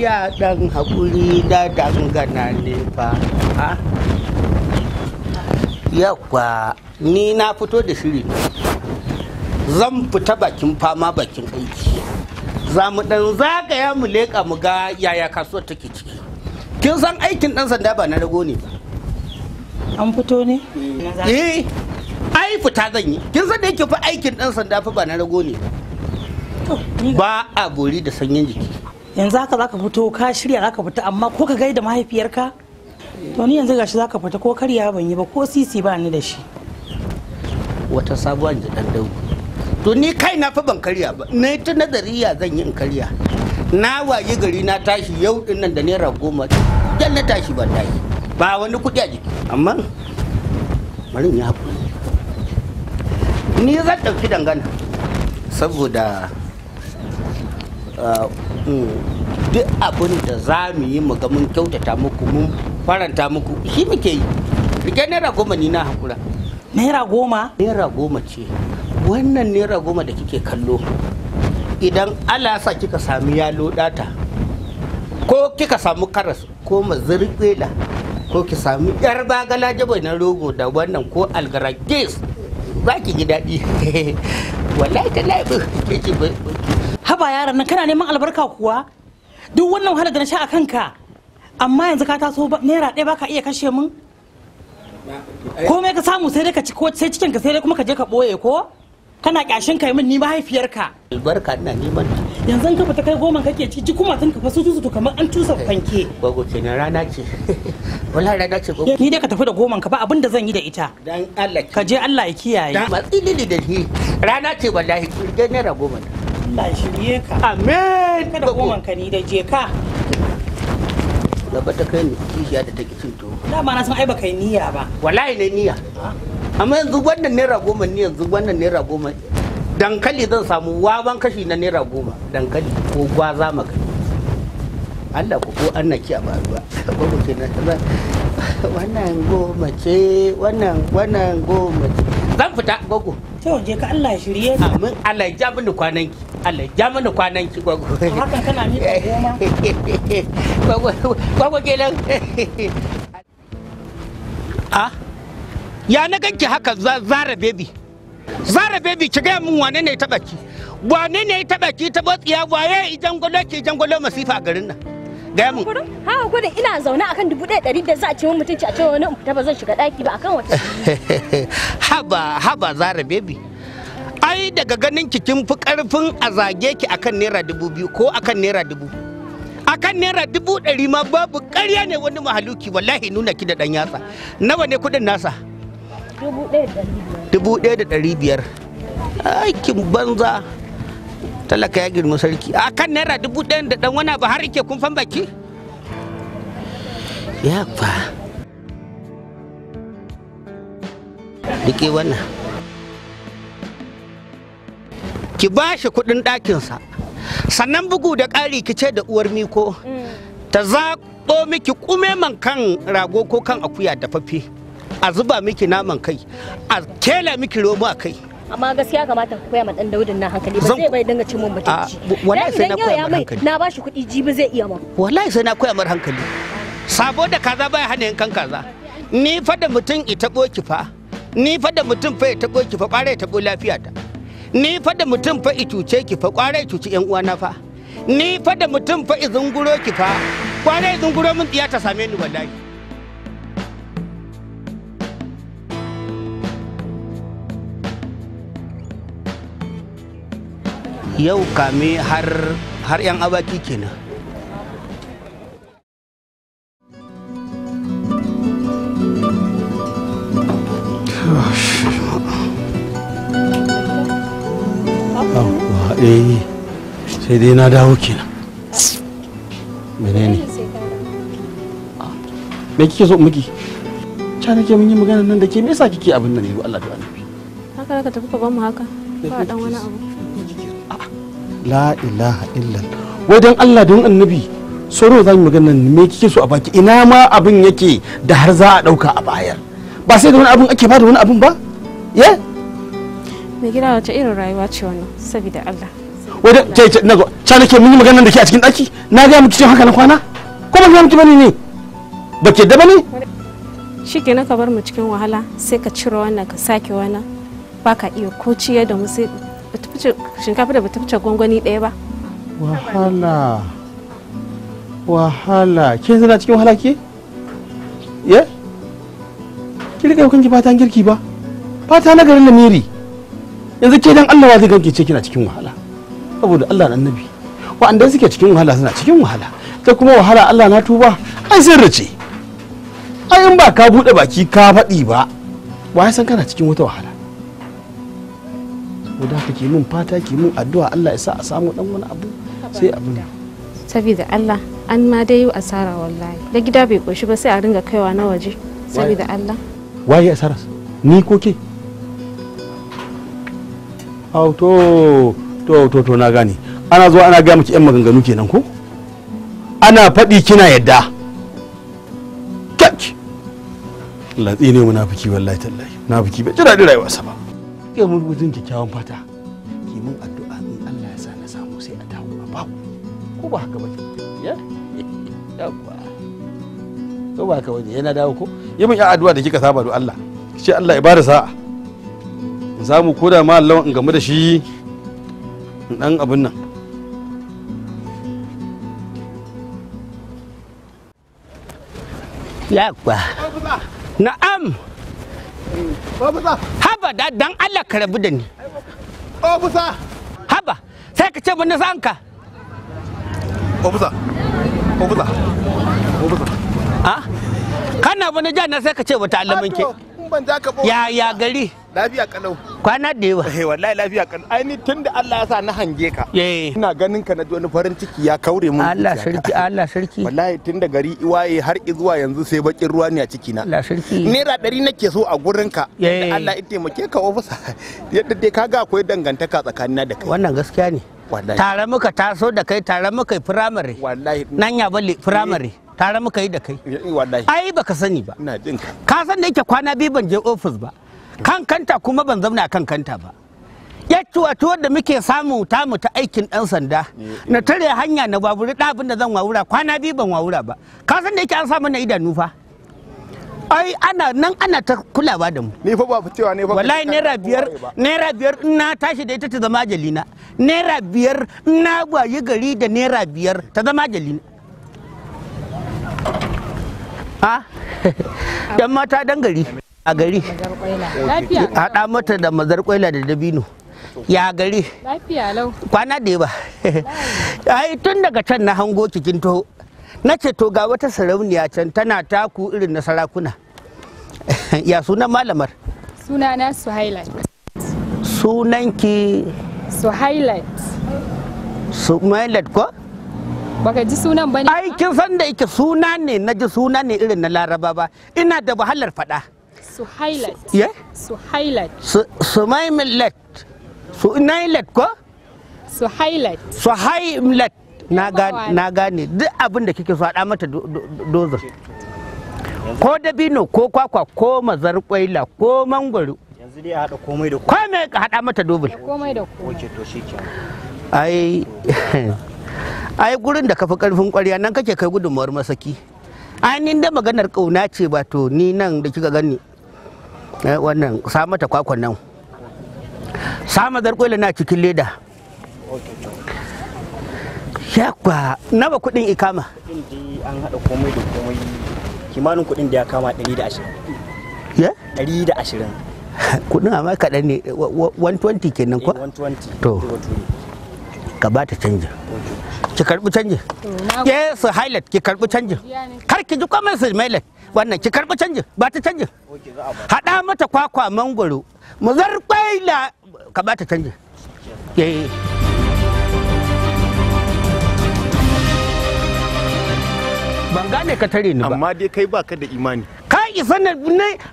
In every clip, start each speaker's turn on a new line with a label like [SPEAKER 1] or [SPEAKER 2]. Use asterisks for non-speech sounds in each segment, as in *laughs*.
[SPEAKER 1] iya dan haƙuri da dangana ne ya kwa ni na fito da shiri zan fita bakin fama bakin aiki za mu dan zagaya mu leƙa mu ga yaya kasuwar take ciki kin san aikin dan sanda ba na rago ne ba an fito ne eh. eh ai fita zan yi kin san da yake fa aikin dan sanda fa ba na rago ne ba a bori da sanyin jiki yanzu haka zaka fito ka shirya zaka fita amma ko ka gaida mahaifiyarka to ni yanzu gashi zaka fita ko karya ban yi ba ko sisi ba ni da shi wata sabuwa da dan dau to ni kai na fa ban karya ba na ta nazari ya zan yi in karya na waye gari na tashi yau din nan da naira goma dan na tashi ban tashi ba wani kuɗi a jiki amma marin ya haƙuri ni zan ɗauki dangana saboda ah, duk abin da za mu yi mu ga mun kyautata muku mun faranta muku shi muke yi rike naira goma ni na hakura naira goma naira goma ce wannan naira goma da kike kallo idan allah sa kika sami ya lodata ko kika samu karas ko mazirkwela ko ki sami yar bagala jabai na rogo da wannan ko algara za ki ji daɗi *laughs* wallahi ta laifin ke ce haba yaran nan kana neman albarka kuwa duk wannan wahalar da na sha a kanka amma yanzu ka taso naira ɗaya baka iya kashe mun komai ka samu sai dai ka ci ko sai cikin ka sai dai kuma ka je ka boye ko kana kyashin kai min ni mahaifiyarka albarka ina neman yanzu ka fita kai goma kake ci ji kuma tun ka fasu su kamar an tusa eh, fanke gogo na rana ce *laughs* wallahi rana ce gogo ni dai ka tafi da goman ka ba abin da zan yi da ita dan Allah ka je Allah ya kiyaye matsilili da ni rana ce wallahi kirge naira goma Allah shirye ka. Amin. Kada koman ka ni da je ka. Gaba ta kai ni kishiya da take cin tuwo. Dama na san ai baka yi niyya ba. Wallahi ne niyya. Amma yanzu wannan naira goma ni yanzu wannan naira goma. Dankali zan samu wawan kashi na naira goma. Dankali ko gwaza maka. Allah ku ko an naki a baruwa. Ba ke na wannan goma ce wannan wannan goma ce. Zan fita gogo. Tewa je ka Allah shirye. Amin Allah ya ja mini ki. Allah ya mana kwanan ki gwagwa. Hakan kana miƙa *laughs* goma. Gwagwa kenan. A? Ah? Ya na ganki haka zara bebi? Zara bebi ki gaya min wane ne taɓa ki? Wane ne taɓa ki ta tsiya waye idan gwalo ki idan gwalo masifa a garin nan? gaya mun ha gudun ina zaune akan
[SPEAKER 2] dubu ɗaya ɗari da za a ce mutunci a ce wani in fita ba zan shiga ɗaki ba akan wata
[SPEAKER 1] *laughs* haba haba zara baby ai daga ganin ki kin fi karfin a zage ki akan naira dubu biyu ko akan naira dubu akan naira dubu ɗari ma babu ƙarya ne wani mahaluki wallahi nuna ki da ɗan yatsa nawa ne kuɗin nasa dubu ɗaya da ɗari biyar aikin banza talaka ya girma sarki akan naira dubu ɗaya da ɗan wani abu har yake kun fan baki ya fa dike wannan ki ba shi kuɗin ɗakinsa sannan bugu da ƙari ki ce da uwar miko mm. ta zaɓo miki man kan rago ko kan akuya dafaffe a zuba miki naman kai a kela miki romo a kai
[SPEAKER 2] amma gaskiya kamata ku koya ma dan daudin na hankali ba zai bai dinga cin mun mutunci wallahi sai na koya mar hankali na bashi kuɗi jibi zai iya ma
[SPEAKER 1] wallahi sai na koya mar hankali sabo da kaza baya hana kan kaza ni fa da mutum ita boki fa ni fa da mutum fa ita boki fa bare ta bo lafiya ta ni fa da mutum fa i cuce ki fa kwarai cuci yan uwana fa ni fa da mutum fa i zunguro ki fa kwarai zunguro mun tiya ta same ni wallahi yau kame har har yan abaki kenan
[SPEAKER 3] eh sai dai na dawo kenan menene me kike so miki nake mun yi magana nan da ke me yasa kike abin nan Allah da annabi
[SPEAKER 2] haka tafi ka mu haka ba dan wani
[SPEAKER 3] abu la ilaha wai dan Allah don annabi soro za mu magana me kike so a baki ina ma abin yake da har za a dauka a bayar ba sai da wani abin ake ba da wani abin ba eh?
[SPEAKER 2] mai gida wace irin rayuwa ce wannan saboda Allah
[SPEAKER 1] wadda ke na ca nake mun yi maganar da ke a cikin daki na ga miki haka na kwana ko ba ga miki bane ne ba ke da bane
[SPEAKER 2] na ka bar mu cikin wahala sai ka cire wannan ka sake wannan ba ka iya ko ciyar da mu sai shinkafa da bata fice gwangwani ɗaya ba
[SPEAKER 3] wahala wahala ke zana cikin wahala ke ye ki rika yau kanki fatan girki ba fata na garin da miri yanzu ke dan Allah zai ganke ce kina cikin wahala saboda Allah na annabi wa'anda suke cikin wahala suna cikin wahala ta kuma wahala Allah na tuba ai sirri ce ai in ba ka bude baki ka faɗi ba ba ya san kana cikin wata wahala ko da kake fata ke mun addu'a Allah ya sa a samu dan wani abu sai abin
[SPEAKER 2] saboda Allah an ma dai yau asara wallahi da gida bai koshi ba sai a ringa kaiwa na waje saboda Allah
[SPEAKER 3] waye asara ni ko ke au to to to to na gani ana zuwa ana gaya miki yan maganganu kenan ko ana faɗi kina yadda kyak latsi ne munafiki wallahi tallahi munafiki bai jira daɗin sa ba ke mun mutum kyakkyawan fata ki mun addu'a in Allah ya sa na samu sai a dawo a babu ko ba haka ba ya yawa ko ba haka ba yana dawo ko yi mun ya addu'a da kika saba do Allah ki ce Allah ya bada sa'a za mu koda ma lawan in game da shi dan abin nan
[SPEAKER 1] yakwa na'am haba da dan Allah ka rabu da ni obusa haba sai ka ce mun sanka obusa obusa obusa ah kana wani jana sai ka ce wata ke.
[SPEAKER 3] ban taka ba ya ya gari lafiya kalau kwana da yawa eh wallahi lafiya kalau ai tunda Allah ya sa na hange ka eh ina ganin ka na wani farin ciki ya kaure mun Allah sarki Allah sarki wallahi tunda gari iwaye har zuwa yanzu sai bakin ruwa ne a ciki na Allah sarki naira 100 nake so a gurin ka eh. Allah ya taimake ka ofisa *laughs* yadda dai kaga akwai dangantaka tsakanina da kai wannan gaskiya ne tare muka
[SPEAKER 1] taso da kai tare muka firamare nan ya bale firamare tare muka yi da kai ai baka sani ba ka san da yake kwana biyu ban je ofis ba kan kanta kuma ban zauna kan kanta ba yacci wato wadda muke samu tamu ta aikin dan sanda na tare hanya na baburi ɗabin da zan wawura kwana biyu ban wawura ba ka san da yake an samu na idanu fa ai ana nan ana ta kulawa da mu ni fa ba cewa ne fa wallahi naira biyar naira biyar na tashi da ita ta zama jalina naira biyar na gwayi gari da naira biyar ta zama jalina a yan mata dan gari a gari haɗa mata da mazar kwaila da dabino ya gari kwana da ba *laughs* ai tun daga can na hango cikin taho na ce to ga wata sarauniya can tana taku irin na sarakuna *laughs* ya sunan malamar sunana highlight sunanki Su suhaila ko baka ji sunan bane ai kin san da yake suna ne na ji suna ne irin na laraba ba ina da wahalar fada
[SPEAKER 2] suhailat ye suhailat
[SPEAKER 1] Su sunailat ko Su Su suhailat na gane duk abin da kike so haɗa mata dozin ko dabino ko kwakwa ko mazarkwaila ko mangwaro yanzu dai haɗa komai da komai ka haɗa mata dubul komai da komai ai *laughs* ai gurin da kafa karfin kwarya nan kake kai gudunmawar masaki ainihin da maganar kauna ce ba to ni nan da kika gani eh, wannan samata ta kwakwan nan sama zarkwela na cikin leda yakwa nawa kudin ikama an hada komai da komai kimanin kudin da ya kama 120 ya 120 *laughs* kudin amma kaɗan ne 120 kenan kwa eh, to ka ba ta canja ki karbi canji. ke su highlight ki karbi canji. kar ki ji komai su mailet wannan ki karbi canji ba ta canji. hada mata kwakwa mangoro mu zarbai la ka ba ta canji. Eh. ban gane ka tare ni ba amma dai kai baka da imani isa na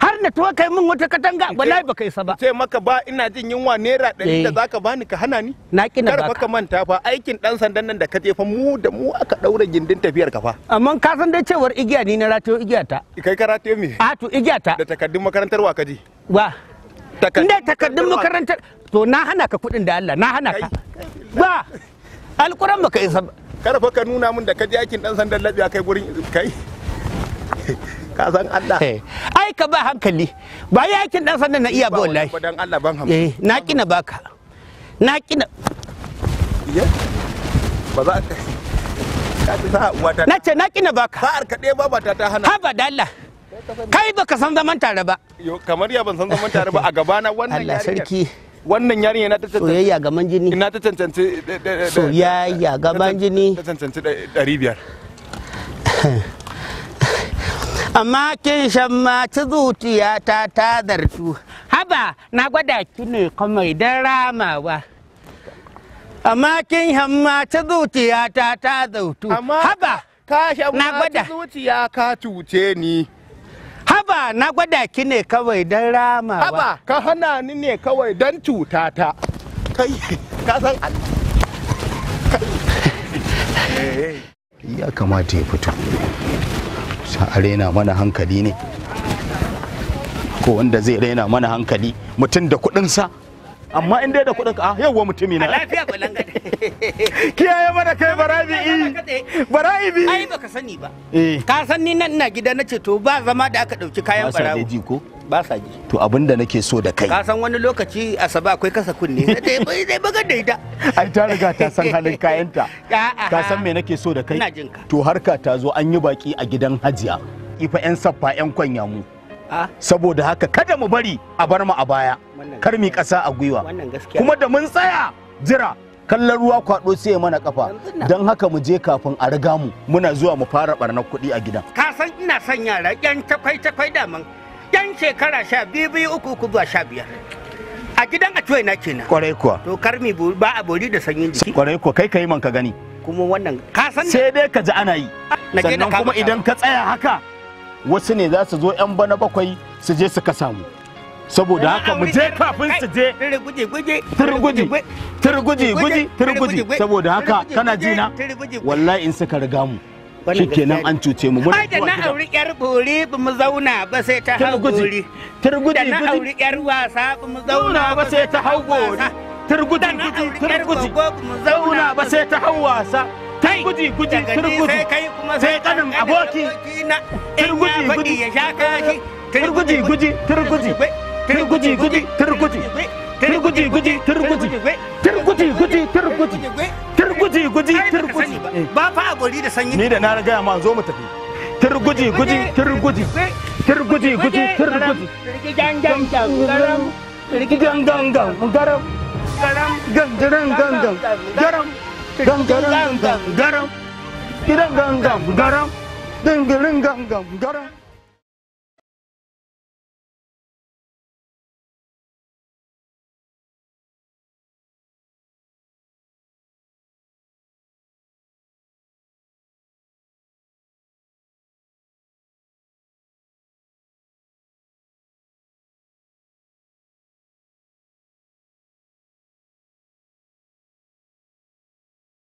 [SPEAKER 1] har na tuwa kai min wata katanga wallahi baka isa ba ce maka
[SPEAKER 3] ba ina jin yunwa naira ɗari eh. da zaka bani ka hana ni na kina baka ka manta fa aikin dan sandan nan da ka je fa mu da mu aka daura gindin tafiyar ka fa
[SPEAKER 1] amma ka san dai cewar igiya ni na ratayo igiya ta kai ka ratayo me a to igiya ta da takaddun makarantar wa kaji wa inda takaddun makarantar to na hana ka kuɗin da Allah na hana ka
[SPEAKER 3] ba alƙuran baka isa ba karfa ka nuna min da ka je aikin dan sandan labiya kai gurin kai
[SPEAKER 1] ka san Allah ai ka ba hankali
[SPEAKER 3] ba ya yakin dan sannan na iya ba wallahi ba dan Allah
[SPEAKER 1] ban hamsin eh, na kina baka na kina ba za ka na ce na kina baka sa'ar ka ba ba ta ta hana ha ba
[SPEAKER 3] da Allah kai baka san zaman tare ba yo kamar ya ban san zaman tare ba a gaba na wannan Allah sarki wannan yarinya na ta cancanci soyayya ga manjini na ta cancanci soyayya ga manjini ta cancanci 500
[SPEAKER 1] *laughs* kin shan ma ta ta zartu haba na gwada ki ne kuma idan ramawa amma kin shan ma ta ta zautu haba ka shan ta zuciya ka cuce ni haba na gwada ki ne kawai don ramawa haba ka hana ni ne
[SPEAKER 3] kawai don cuta ta kai ka san Allah ya kamata ya fito a raina mana hankali ne ko wanda zai raina mana hankali mutum da kuɗinsa amma in dai da kuɗin ka ah, yawwa mutumi na lafiya balanga kiyaye
[SPEAKER 1] mana kai barabi'i barabi e. e. ai baka sani ba e. ka san ni nan ina gida nace to ba zama da aka dauki kayan barawo ko ba sa ji
[SPEAKER 3] to abin da nake so da kai
[SPEAKER 1] ka san wani lokaci asabe akwai kasa kunne dai bagar da ita
[SPEAKER 3] ai ta riga ta san halin kayanta ka san me nake so da kai ina jinka to harka ta zo an yi baki a gidan hajiya ifa yan saffa yan kwanya mu ah. saboda haka kada mu bari a bar mu a baya kar mi kasa a gwiwa kuma da mun tsaya jira kallon ruwa kwado sai mana kafa don haka mu je kafin a riga mu muna zuwa mu fara barnar kuɗi a gidan
[SPEAKER 1] ka san ina son yara yan takwai takwai mun shekara sha biyu biyu uku uku zuwa sha biyar a gidan a na kenan kwarai kuwa to karmi ba a bori da sanyin jiki kwarai kuwa kai ka yi man ka gani kuma wannan
[SPEAKER 3] ka san sai dai ka ji ana yi sannan kuma idan ka tsaya haka wasu ne za su zo yan bana bakwai su je su ka samu saboda haka mu je
[SPEAKER 1] kafin su je turguji
[SPEAKER 3] turguji guji turguji saboda haka kana jina wallahi in suka riga mu shikenan an cuce mu gudu da na auri
[SPEAKER 1] yar bori ba mu zauna ba sai ta hau bori turgudi da na auri yar wasa ba mu zauna ba sai ta hau bori turgudi turgudi mu zauna ba sai ta hau wasa turgudi guji guji turgudi sai kanin aboki turgudi guji ya sha kashi turgudi guji turgudi turgudi guji turgudi turguji guji turguji turguji guji turguji turguji guji
[SPEAKER 3] turguji ba fa a gori da sanyi ni da na riga ma zo mu tafi guji guji
[SPEAKER 1] gang gang gang gang
[SPEAKER 3] garam
[SPEAKER 1] garam gang gang garam gang gang garam gangan gangan garam gangan gangan garam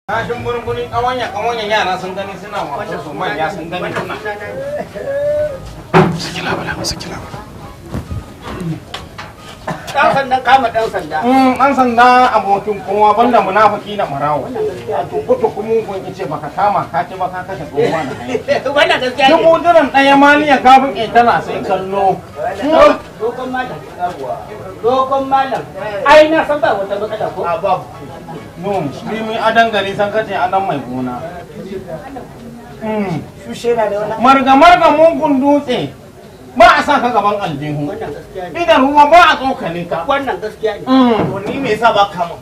[SPEAKER 4] Kashin
[SPEAKER 5] murmurin ƙawanya ƙawanyan yara sun gani suna wasu su manya sun gani suna. Saki labala, saki labala. Ɗan sanda
[SPEAKER 1] kama ɗan sanda. Mm,
[SPEAKER 5] ɗan sanda abokin kowa banda munafiki da marawo. Tukutu kuma kun ce baka kama ka ci ba ka kashe kowa na *laughs*
[SPEAKER 1] Wannan gaskiya ne. Dubu diran ɗaya maniya kafin
[SPEAKER 5] ƙetana sai kallo.
[SPEAKER 1] Dokon malam. Dokon malam. Ai na san ba wata matsala ko? A babu. Nun, ni mun adan gari san kace adan
[SPEAKER 5] mai gona. Hmm. Su Marga marga mungun dutse. Ba a sa ka gaban aljihu. Idan ruwa ba a tsokane ka.
[SPEAKER 1] Wannan gaskiya ne. Hmm. To ni me yasa ba ka mun?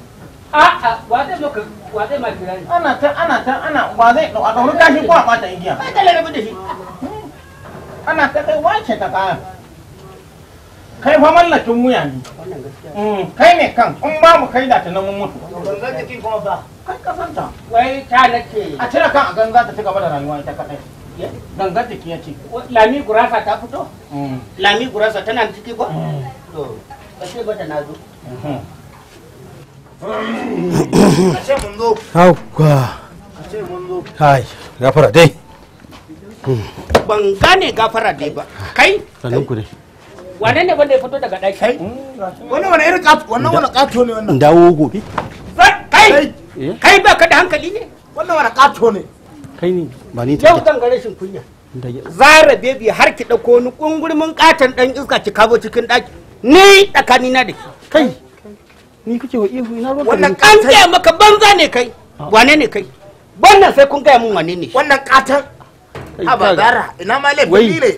[SPEAKER 5] A'a, wa zai maka wa zai ma kira ni. Ana ta ana ta ana ba zai a dauri kashi ko a bata igiya. Ba ta lalabe da shi. Hmm. Ana ta kai wace ta kaya. kai fa mallakin muya ne mm, kai ne kan in ba mu kai da ta nan mun mutu gangan jikin kuma ba
[SPEAKER 1] kai kasanta
[SPEAKER 5] wai ta nake a cire kan a gan ta ci gaba da rayuwa ita kadai gangan jiki ya ce lami
[SPEAKER 1] gurasa ta fito mm. lami gurasa tana da ciki ko mm. to ka ce bata na zo
[SPEAKER 3] Kashe mm-hmm. *coughs* mun zo. Hauwa. Kashe mun zo. Kai, gafara dai.
[SPEAKER 1] Ban gane gafara dai ba. Kai? Sannan ku dai. wane ne wanda ya fito daga ɗaki kai mm. wani irin kato wannan wani kato ne wannan
[SPEAKER 3] dawo gobe kai eh? Eh?
[SPEAKER 1] kai ba ka da hankali ne wannan wani kato ne
[SPEAKER 3] kai ne ba ni ta yau
[SPEAKER 1] zan kunya zara bebi har ki dauko wani kungurmin katon dan iska ki kabo cikin ɗaki ni tsakani na da kai ni wa ihu na ruwan wannan kan maka banza ne kai ah. wane ne kai wannan sai kun gaya mun wane ne wannan katon a ba ina ma ne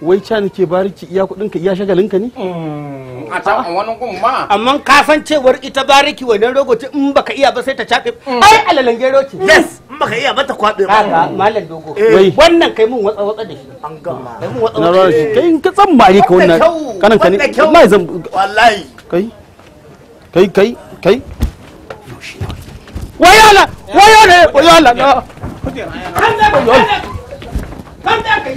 [SPEAKER 3] wai can nake bariki iya kudin ka iya shagalin ka ne mm, a ta
[SPEAKER 1] wani gun ma amma ka san cewar ita bariki wannan rogoci in baka iya ba sai ta chabe mm. ai alalan gero ce yes in baka iya ba ta kwabe haka mallan dogo eh. wannan kai mun watsa watsa da shi an ga kai mun
[SPEAKER 5] watsa watsa da shi kai ka san bare ka wannan kanan ka ne mai zan wallahi kai kai kai kai
[SPEAKER 1] wayola wai wayola kan da kai kan da kai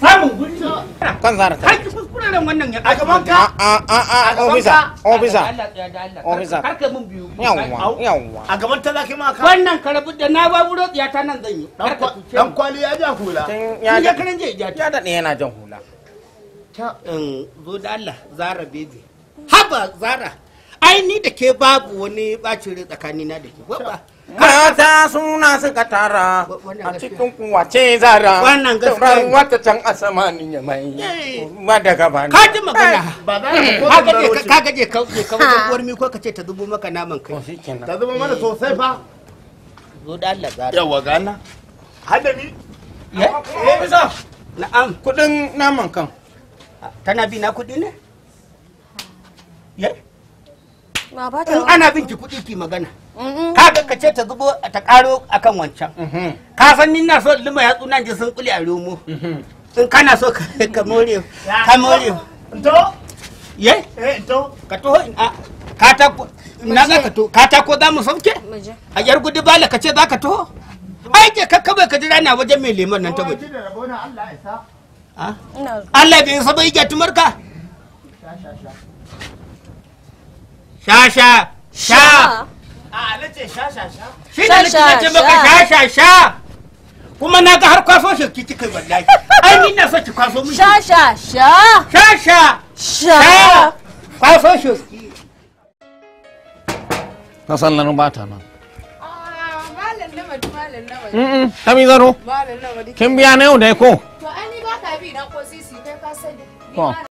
[SPEAKER 1] samun guri ta kuskuren wannan ya a a a a ofisa ofisa ofisa mun biyu yawwa yawwa a gaban talaki ma ka wannan karabu da na ba nan zan yi dan kwali ya ja hula ya ja karan je ja ya yana jan hula ta zo da Allah zara baby haba zara ai ni da ke babu wani bacin rai tsakanina da ke Kata
[SPEAKER 5] suna suka tara a cikin wace zara wannan gaskiya wata can asamanin ya mai ma daga ba ka ji magana eh. ka gaje eh. ka
[SPEAKER 1] gaje ka wajen uwar mi ko ka ce ta zubo maka naman kai ta zubo mana sosai fa zo da Allah zara yawa gana hadami ya eh? na'am kudin naman kan tana bi na kudi ne ya ana bin ki kudi ki magana kaga ka ce ta zubo ta karo akan wancan mm-hmm. ka san ni na so lima ya tsuna ji sun kuli a rumu mm-hmm. in kana so ka more ka more to ye eh to ka to a ka ta na za ka to ka ta ko za mu sauke a yar gudu bala ka ce za ka to ai ke ka kawai ka jira na wajen mai lemon nan ta waje Allah ya bai isa bai gyatu sha sha sha sha sha a nace sha maka sha sha sha kuma na ga har kwaso shi ki kika wallahi *laughs* ai ni na so ki kwaso mu sha sha sha sha sha sha kwaso shi
[SPEAKER 5] san ba ta nan na na mm ta mi zaro kin biya na yau da ko
[SPEAKER 4] to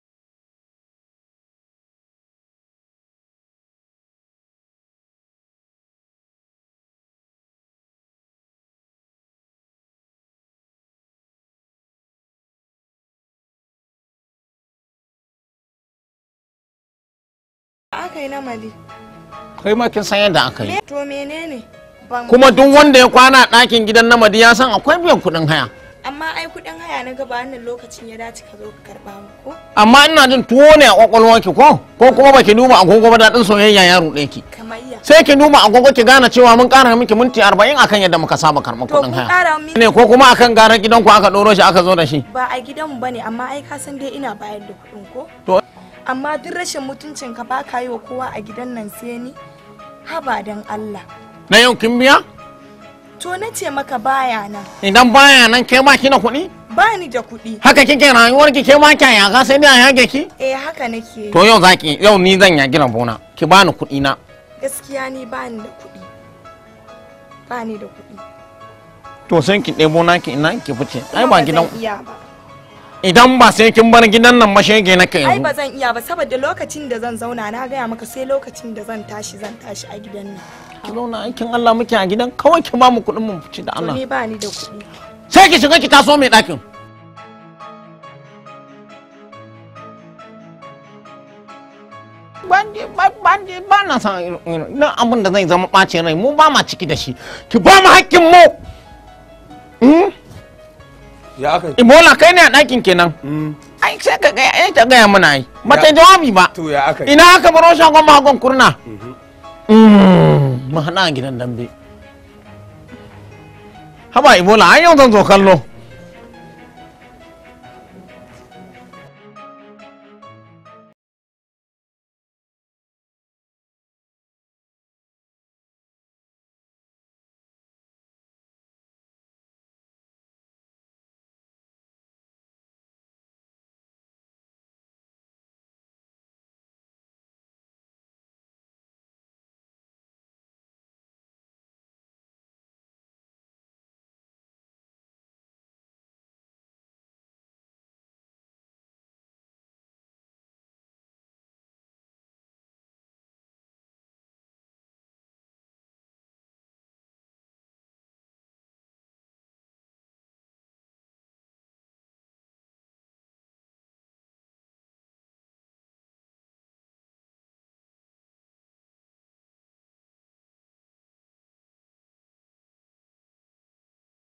[SPEAKER 4] aka yi na mali
[SPEAKER 5] kai ma kin san yadda aka yi
[SPEAKER 4] to menene
[SPEAKER 2] kuma duk wanda ya kwana
[SPEAKER 5] ɗakin gidan namadi ya san akwai biyan kuɗin haya
[SPEAKER 2] amma ai kuɗin haya na gaba wannan lokacin
[SPEAKER 4] ya dace ka zo ka karɓa mu
[SPEAKER 5] ko amma ina jin tuwo ne a kwakwalwa ki ko ko kuma baki duba agogo ba daɗin soyayya yaro ruɗe ki sai ki duba agogo ki gane cewa mun ƙara miki minti arba'in akan yadda muka saba karɓar kuɗin haya ne ko kuma akan gara gidanku aka ɗoro shi aka zo da shi
[SPEAKER 2] ba a gidanmu bane amma ai ka san dai ina bayar da kuɗin ko amma duk rashin mutuncin ka baka yi wa kowa a gidan nan sai ni haba dan Allah
[SPEAKER 5] na yau kin biya
[SPEAKER 2] to na ce maka baya nan
[SPEAKER 5] idan baya nan kai ma kina kuɗi
[SPEAKER 2] ba ni da kuɗi haka kike rayuwar
[SPEAKER 5] ki kai ma kya ga sai ni a yage ki
[SPEAKER 2] eh haka nake to yau zaki
[SPEAKER 5] yau ni zan ya gina bona ki ba ni kuɗi na
[SPEAKER 2] gaskiya ni ba ni da kuɗi ba ni da kuɗi
[SPEAKER 5] to sai ki ɗebo ki ina ki fice ai ba gidan iya ba idan ba sai kin bar gidan nan ba shege na kai ai ba
[SPEAKER 2] zan iya ba saboda lokacin da zan zauna na gaya maka sai lokacin da zan tashi zan tashi a gidan nan ki zauna
[SPEAKER 5] aikin Allah muke a gidan kawai ki ba mu kuɗin mu fice da Allah to ni
[SPEAKER 2] ba ni da kuɗi
[SPEAKER 5] sai ki shiga ki taso mai ɗakin ba na san irin abin da zai zama ɓacin rai mu ba ma ciki da shi ki ba mu hakkin mu hmm?
[SPEAKER 2] ya Imola
[SPEAKER 5] eh, kai ne a ɗakin kenan. Mm. Ai sai ka ga ai eh, ta gaya mana ai. Mata jawabi ba. To ya aka Ina aka baro shagon magon kurna. Mahana mhm. mm, gidan dambe. Haba Imola ai yau zan zo kallo.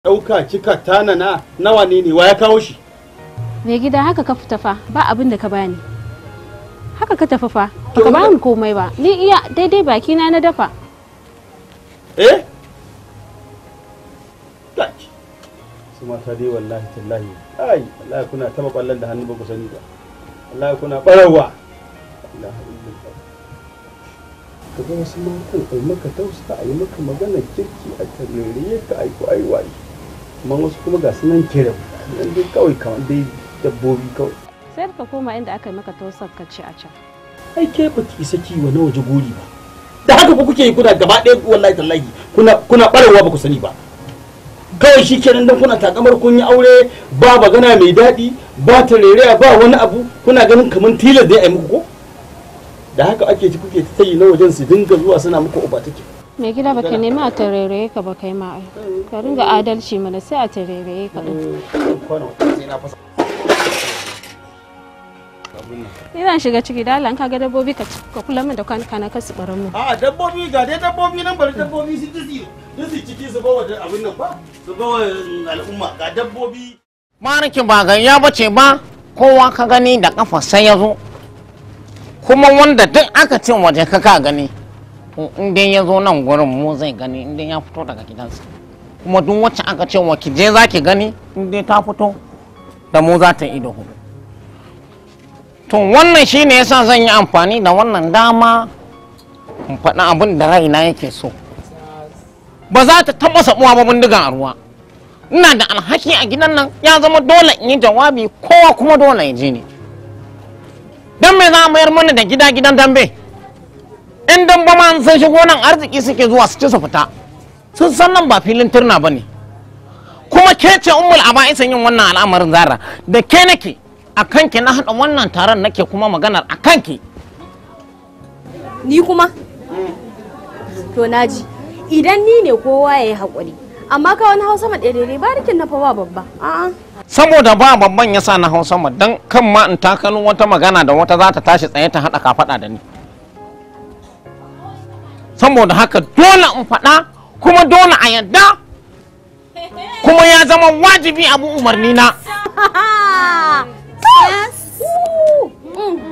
[SPEAKER 3] ɗauka kika tanana nawa ne ne wa ya kawo shi
[SPEAKER 2] mai gida haka ka fita fa ba abin da ka bani haka ka tafi fa baka ba ni komai ba ni iya daidai baki na na dafa
[SPEAKER 6] eh
[SPEAKER 3] taki su mata dai wallahi tallahi ai wallahi kuna taba ballan da hannu ba ku sani ba wallahi kuna barawa ka ga wasu matan a yi maka tausa ai maka magana kirki a tarere ka ai ku ai wai amma wasu kuma ga su nan kere nan dai kawai kamar dai dabbobi kawai
[SPEAKER 2] sai da ka koma inda aka yi maka tausar ka ci a can
[SPEAKER 3] ai ke ba ki saki
[SPEAKER 1] wa na waje gori ba da haka ku kuke yi kuna gaba ɗaya wallahi tallahi kuna kuna barewa ba ku sani
[SPEAKER 3] ba kawai shi kenan dan kuna takamar kun yi aure ba magana mai daɗi ba tarere ba wani abu kuna ganin kamar tilas da ya yi muku ko da haka ake ci kuke ta yi na wajen su dinga zuwa suna muku uba take
[SPEAKER 2] mai gida ba ka nemi a tareraye ka ba kai ma ai ka ringa adalci mana sai a tareraye ka din ina shiga ciki da Allah ka ga dabbobi ka kula min da kwanka na kasu barin mu
[SPEAKER 3] a dabbobi ga dai dabbobi nan bari dabbobi su disi disi ciki su bawa abin nan ba su bawa al'umma ga dabbobi
[SPEAKER 5] marikin ba gayya bace ba kowa ka gani da kafa sai ya zo kuma wanda duk aka cin waje ka ka gani in dai ya zo nan gurin mu zai gani in dai ya fito daga gidansa kuma duk wacce aka ce wa kije za ki gani in dai ta fito da mu za ta ido hudu to wannan shine yasa zan yi amfani da wannan dama in faɗi abin da raina yake so ba za ta taɓa saɓuwa ba bindigan a ruwa ina da alhaki a gidan nan ya zama dole in yi jawabi kowa kuma dole ya je ne don me za a mayar mana da gida gidan dambe in dan ba ma sun shigo nan arziki suke zuwa su ci su fita sun san nan ba filin turna ba ne kuma ke ce ummul aba'isan yin wannan al'amarin zara da ke nake a kanki na haɗa wannan taron nake kuma maganar a kanki
[SPEAKER 2] ni kuma to naji idan ni ne kowa ya yi haƙuri amma ka wani hausa ma ɗaya ba rikin na fawa babba
[SPEAKER 5] saboda ba babban ya sa na hausa ma don kan ma in takalin wata magana da wata za ta tashi tsaye ta haɗa kafaɗa da ni saboda haka dole in faɗa kuma dole a yadda kuma ya zama wajibi abu umarni na
[SPEAKER 2] *laughs*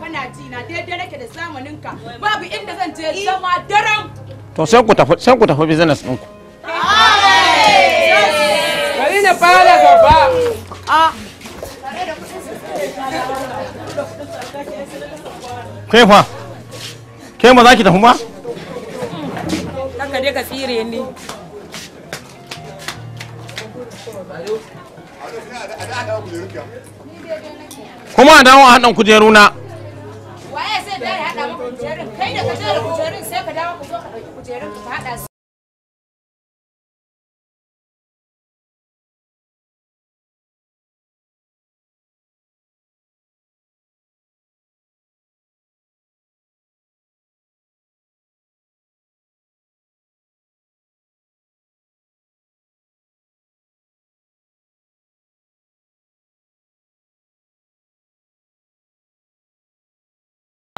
[SPEAKER 2] kana ji na daidai nake da zamanin ka babu inda zan je zama
[SPEAKER 4] daren
[SPEAKER 5] to sai ku tafi sai ku tafi business din ku
[SPEAKER 6] bari na fara gaba
[SPEAKER 4] a
[SPEAKER 5] kai fa kai ma za ki tafi ma
[SPEAKER 2] haka dai ka tsire ni
[SPEAKER 6] kuma dawo a
[SPEAKER 5] haɗin kujeru na
[SPEAKER 4] waye sai da ya haɗa maka kujerun kai da ka kujerun sai ka dawo ka zo ka ɗauki kujerun ka hada su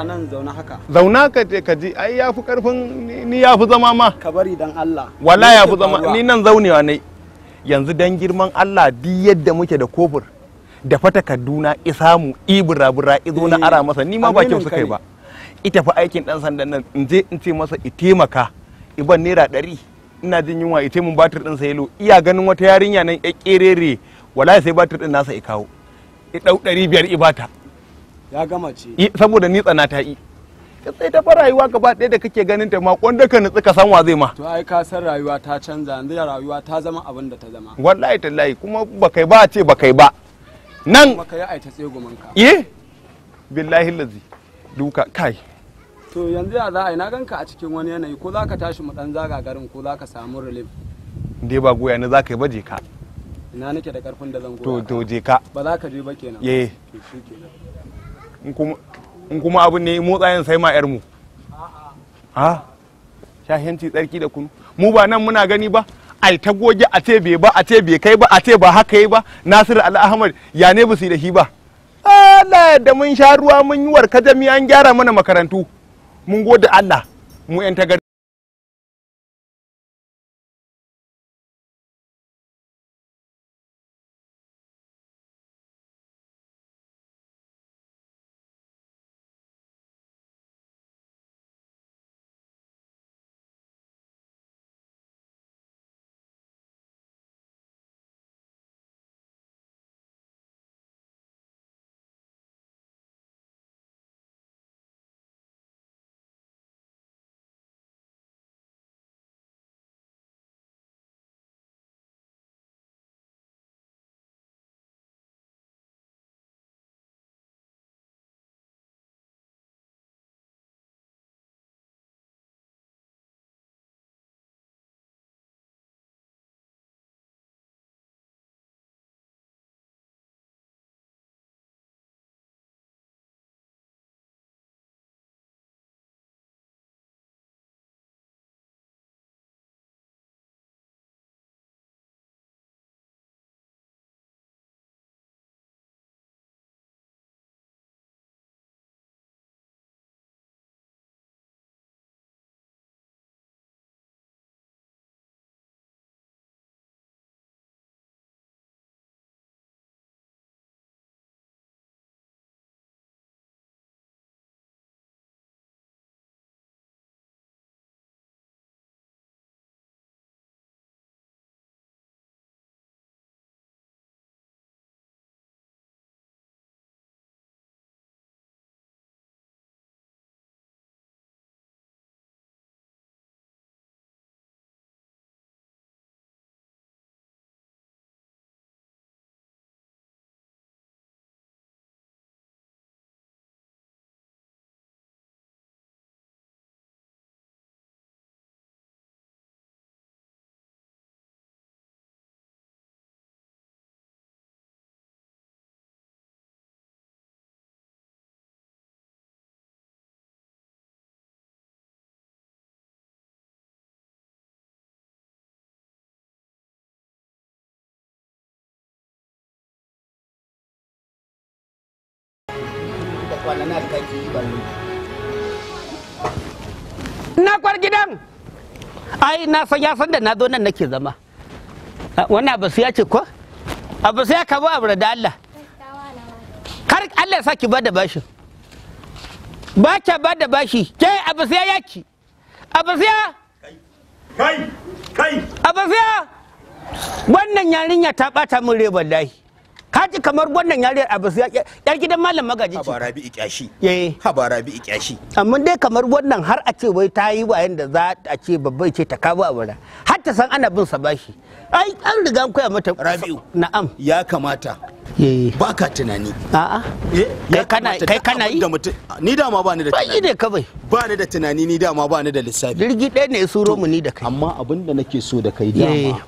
[SPEAKER 3] nan zauna haka zauna ka ka ji ai ya fi karfin ni ya fi zama ma ka bari dan Allah wala ya fi zama ni nan zaunewa ne yanzu dan girman Allah di yadda muke da kofur da fata Kaduna isamu ibura-bura izo na ara masa ni ma bakin su kai ba eh, ita fa aikin dan sandan nan in je in ce masa i taimaka iban naira ɗari ina jin yunwa ita mun batir din sa yalo iya ganin wata yarinya nan ya kerere wallahi sai batir din nasa i kawo i dau 500. i bata ya gama ce saboda ni tsana ta yi ka tsaye ta rayuwa gaba ɗaya da kake ganin ta ma wanda ka nitsa ka san wa zai ma to ai ka san rayuwa ta canza yanzu da rayuwa ta zama abin da ta zama wallahi tallahi kuma ba kai ba ce ba kai ba nan ba kai ai ta tsegumin ka eh billahi lazi duka kai to yanzu ya za a yi na ganka a cikin wani yanayi ko za ka tashi mu dan zaga garin ko za ka samu relief dai ba goya ne za ka yi ba je ka ina nake da karfin da zan goya to to je ka ba za ka je ba kenan eh in kuma abin ne motsa yin sai ma yar mu Sha shahenci tsarki da kunu mu ba nan muna gani ba ai ta goge a ce bai ba a ce bai kai ba a ce ba haka yi ba nasiru al'ahmar ya ne basu da shi ba Allah da mun sha ruwa mun yi warka jami'an gyara mana makarantu mun gode Allah mu 'yan tagar
[SPEAKER 1] na kwar gidan ai na san ya san da na zo nan nake zama wannan abu ya ce ko abu ya kabo abu da Allah kar Allah ya saki ba da bashi ba kya ba da bashi ke abu ya yaki abu ya kai kai abu ya wannan yarinya ta bata min rai wallahi kaji kamar wannan yariyar abu su yar gidan malam magaji ce habara bi ikyashi eh habara bi ikyashi amma dai kamar wannan har a ce wai ta yi wayan da za a ce babbai ce ta kawo abura har ta san ana bin sa bashi ai an riga an koya mata rabi'u na'am ya kamata eh. ba ka tunani a'a eh, kai kana yi ni dama ba ni da tunani ne kawai ba ni da tunani ni dama ba ni da lissafi jirgi ɗaya ne ya suro mu ni da kai amma abin da nake so da kai dama eh.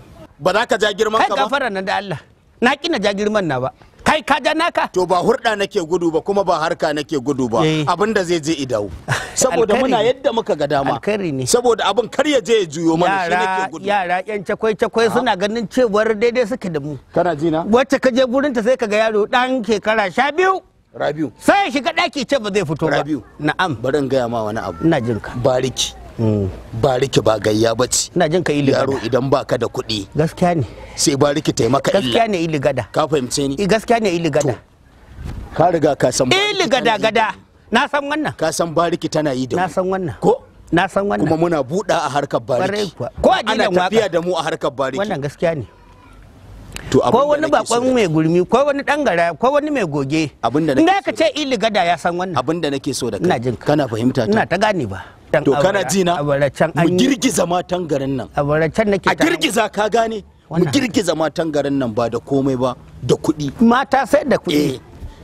[SPEAKER 1] ba za ka ja girman ka ba kai gafara nan da Allah na kina na ja girman na ba kai ka ja naka to ba hurda nake gudu ba kuma ba harka nake gudu ba eh. abin da zai je idawo saboda muna yadda muka ga dama saboda
[SPEAKER 3] abin kar ya je ya juyo mana shi nake gudu
[SPEAKER 1] yara yan cakwai cakwai suna ganin cewar daidai suke da mu kana ji na wacce ka je gurin ta sai ka ga yaro dan shekara sha biyu rabiu sai shiga daki ce ba zai fito ba rabiu na'am bari in gaya ma wani abu ina jinka bariki ba riki ba gayya ba ce ina jin ka ili yaro idan ba ka da kuɗi gaskiya ne sai ba riki taimaka illa gaskiya ne ili gada ka fahimce ni eh, gaskiya ne ili gada ka riga ka san eh, ili gada gada na san wannan ka san bariki tana yi da na san wannan ko na san wannan kuma muna buɗa a harkar bariki ko ana tafiya da mu a harkar bariki wannan gaskiya ne ko wani bakon mai gurmi ko wani dan gara ko wani mai goge abinda nake so ka ce ili gada ya san wannan abinda nake so da kai kana fahimta ta ina ta gane ba to kana ji na mu girgiza matan garin nan a waracan nake a girgiza ka gane mu girgiza matan garin nan ba da komai ba da kuɗi mata sai da kuɗi eh,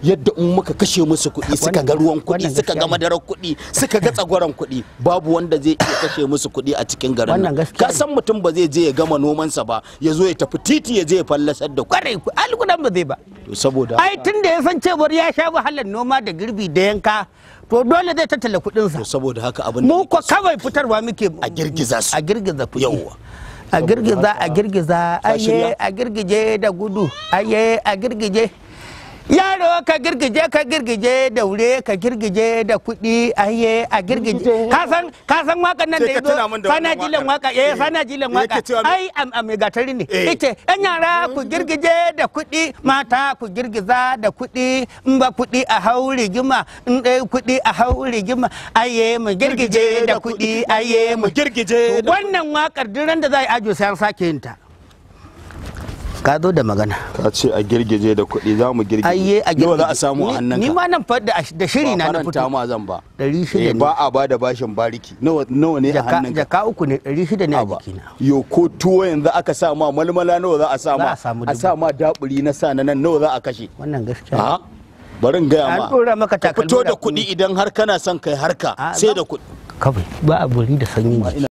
[SPEAKER 1] yadda in muka kashe musu kuɗi suka ga
[SPEAKER 3] ruwan kuɗi suka ga madarar kuɗi suka ga tsagwaron kuɗi babu wanda zai iya kashe musu kuɗi a cikin garin nan ka san mutum ba zai je ya gama nomansa ba ya zo ya tafi titi ya je ya
[SPEAKER 1] fallasar da kwarai algudan ba zai ba to saboda ai tunda ya san cewar ya sha wahalar noma da girbi da yanka to dole zai tattala kuɗinsa sa saboda haka abin mu ko kawai fitarwa muke a girgiza su a girgiza kuɗi yawa a girgiza a girgiza aye a girgije da gudu aye a girgije yaro ka girgije ka girgije da wure ka girgije da kuɗi aye a girgije kasan kasan wakan nan da yazo sana jilan waka eh, eh sana jilan eh, waka ai am am gatari ne eh. yace yan yara ku girgije da kuɗi mata ku girgiza da kuɗi in ba kuɗi a hauri gima in dai kuɗi a hauri gima aye mu girgije da kuɗi aye mu girgije wannan wakar duran da za a ajo sai an sake yin ta ka zo
[SPEAKER 3] da magana ka ce a girgije da kuɗi za mu girgije ayye a girgije za a samu a ni ma
[SPEAKER 1] nan fa da shiri na na fito ba zan ba
[SPEAKER 3] ɗari shida eh, ne ba a ba da bashin bariki nawa ne a hannunka jaka uku ne ɗari shida ne a jikina yo ko tuwo yanzu aka sa ma malmala nawa za a sa ma a sa ma daburi na sa na nan nawa za a kashe wannan
[SPEAKER 1] gaskiya ah, bari in gaya ma an dora maka takalmi fito da kuɗi idan har kana son kai harka ah, sai da kuɗi ba a buri da sanyi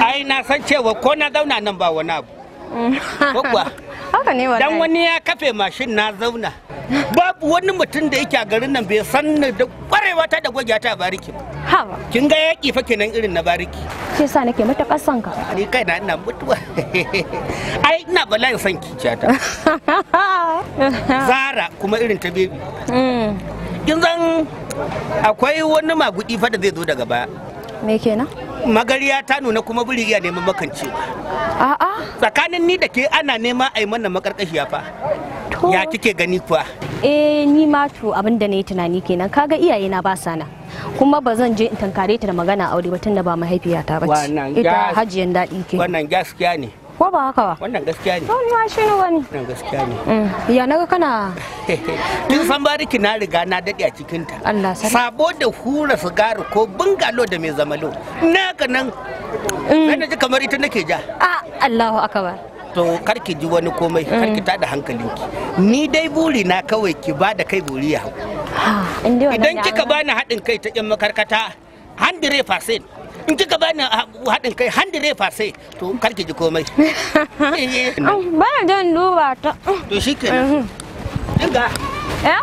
[SPEAKER 4] ai na san cewa
[SPEAKER 1] ko na zauna nan ba wani abu kuwa
[SPEAKER 4] *laughs* haka ne
[SPEAKER 2] wallahi dan
[SPEAKER 1] wani ya kafe mashin na zauna babu wani mutum da yake a garin nan bai san da kwarewa ta da gwagiya ta bariki ba kin ga yaki fa kenan irin na bariki
[SPEAKER 2] shi yasa nake matakar son ka ni kai
[SPEAKER 1] na ina mutuwa *laughs* ai ina bala'in son kiciyata *laughs* zara kuma irin ta bebi mm. kin zan akwai wani magudi fa da zai zo daga baya me kenan magariya ta nuna kuma buri ya neman makanci tsakanin ni da ke ana nema a yi mana makarkashiya fa ya kike gani kuwa
[SPEAKER 2] eh ni ma to abin da nayi tunani kenan kaga iyaye na ba sana kuma ba zan je in tankare ta da magana aure ba tunda ba mahaifiyata ba ce ita hajiyan daɗi ke
[SPEAKER 1] wannan gaskiya ne ko ba haka ba wannan gaskiya ne wannan ma shi ne wani wannan gaskiya ne
[SPEAKER 2] mm. ya naga
[SPEAKER 1] kana *laughs* kin san bariki na riga na dade a cikin ta Allah sarki sabo da hura sigari ko bungalo da mai zamalo na ka nan sai mm. ji kamar ita nake ja a Allahu akbar to karki ji wani komai karki mm. tada hankalinki ni dai buri na kawai ki ba da kai buri ya idan kika bani haɗin kai ta yan makarkata 100% in kika bani ah, haɗin kai refa sai to karki ji komai *laughs* eh. ba dan duba ta to shikenan mhm. inga eh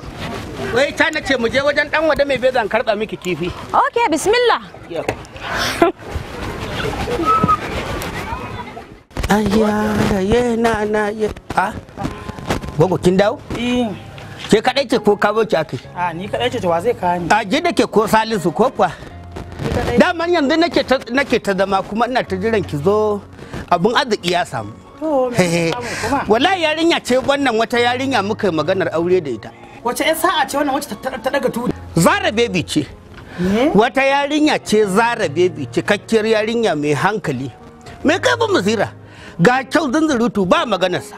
[SPEAKER 1] wai ta na ce mu je wajen dan wada mai bezan karba miki kifi okay bismillah Aya da *laughs* ye na na ye a gogo kin dawo eh. ke kadai ce ko kawo ki akai a ah, ni kadai ce to wa zai kawo ni a je da ke ko salisu ko kuwa daman yanzu nake ta zama kuma ina ta jiran ki zo abin arziki ya samu wallahi yarinya ce wannan wata yarinya muka maganar aure da ita wace yan sa'a ce wannan wace ta daga tudu zara baby ce wata yarinya ce zara baby cikakkiyar yarinya mai hankali mai kaifin musira. ga kyau zunzurutu ba maganarsa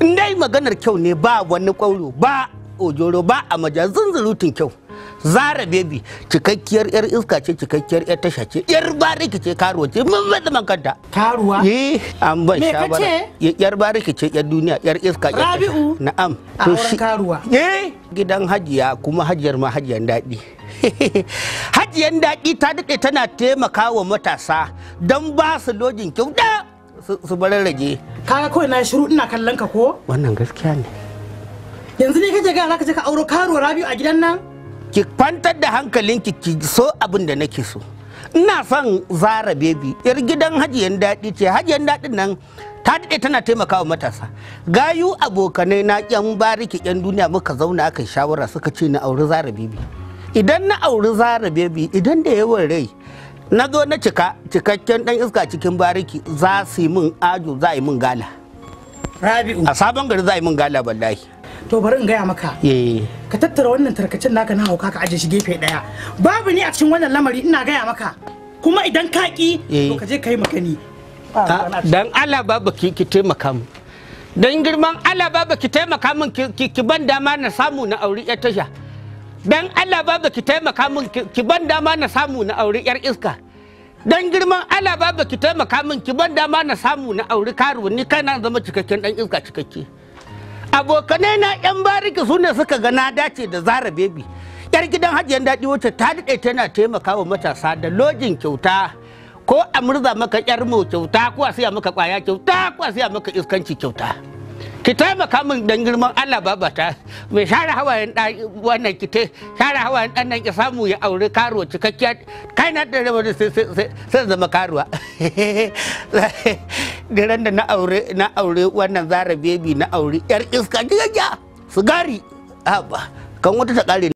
[SPEAKER 1] in dai maganar kyau ne ba wani kwauro ba ojoro ba a maja zunzurutun kyau zara bebi cikakkiyar yar iska ce cikakkiyar yar tasha ce yar bariki ce karuwa ce mun zai man kanta karuwa eh an ban shawara yar bariki ce yar duniya yar iska yar rabi'u na'am to shi karuwa eh gidan hajiya kuma hajiyar ma hajiyan daɗi *laughs* hajiyan daɗi ta dade tana taimaka wa matasa don ba su lojin kyauta su bar rage kaga kawai na shiru ina kallon ka ko wannan gaskiya ne yanzu ne kake ga za ka je ka auro karuwa rabi'u a gidan nan ki kwantar da hankalinki ki so abin da nake so ina son zara bebi yar gidan hajiyan daɗi ce hajiyan daɗin nan ta daɗe tana taimakawa matasa gayu abokanai na yan bariki yan duniya muka zauna aka shawara suka ce na auri zara bebi idan na auri zara bebi idan da yawan rai na zo na cika cikakken dan iska cikin bariki za su yi min ajo za yi min gala a sabon gari za yi min gala Ballahi. to bari in gaya maka eh. ka tattara wannan tarkacen naka na hauka ka aje shi gefe daya babu ni a cikin wannan lamari ina gaya maka kuma idan ka ki to eh. ka je kai magani dan Allah babu ki ki taimaka mu dan girman Allah babu ki taimaka min ki ban dama na samu na aure yar tasha dan Allah babu ki taimaka min ki ban dama na samu na aure yar iska dan girman Allah babu ki taimaka min ki ban dama na samu na aure karuwa ni kana zama cikakken dan iska cikakke abokanai na yan bariki su suka ga na dace da zara bebi yar gidan hajiyar daɗi wacce ta daɗe tana taimakawa matasa da lojin kyauta ko a murza maka yar mu kyauta ko a siya maka kwaya kyauta ko a siya maka iskanci kyauta ki taimaka min dan girman Allah babata mai share hawayen wannan ki te share hawayen dan nan ki samu ya aure karuwa cikakkiya kai na da rabu sai zama karuwa *laughs* diran da na aure na aure wannan zara baby na aure yar iska gigagiya sigari haba kan wata ta kare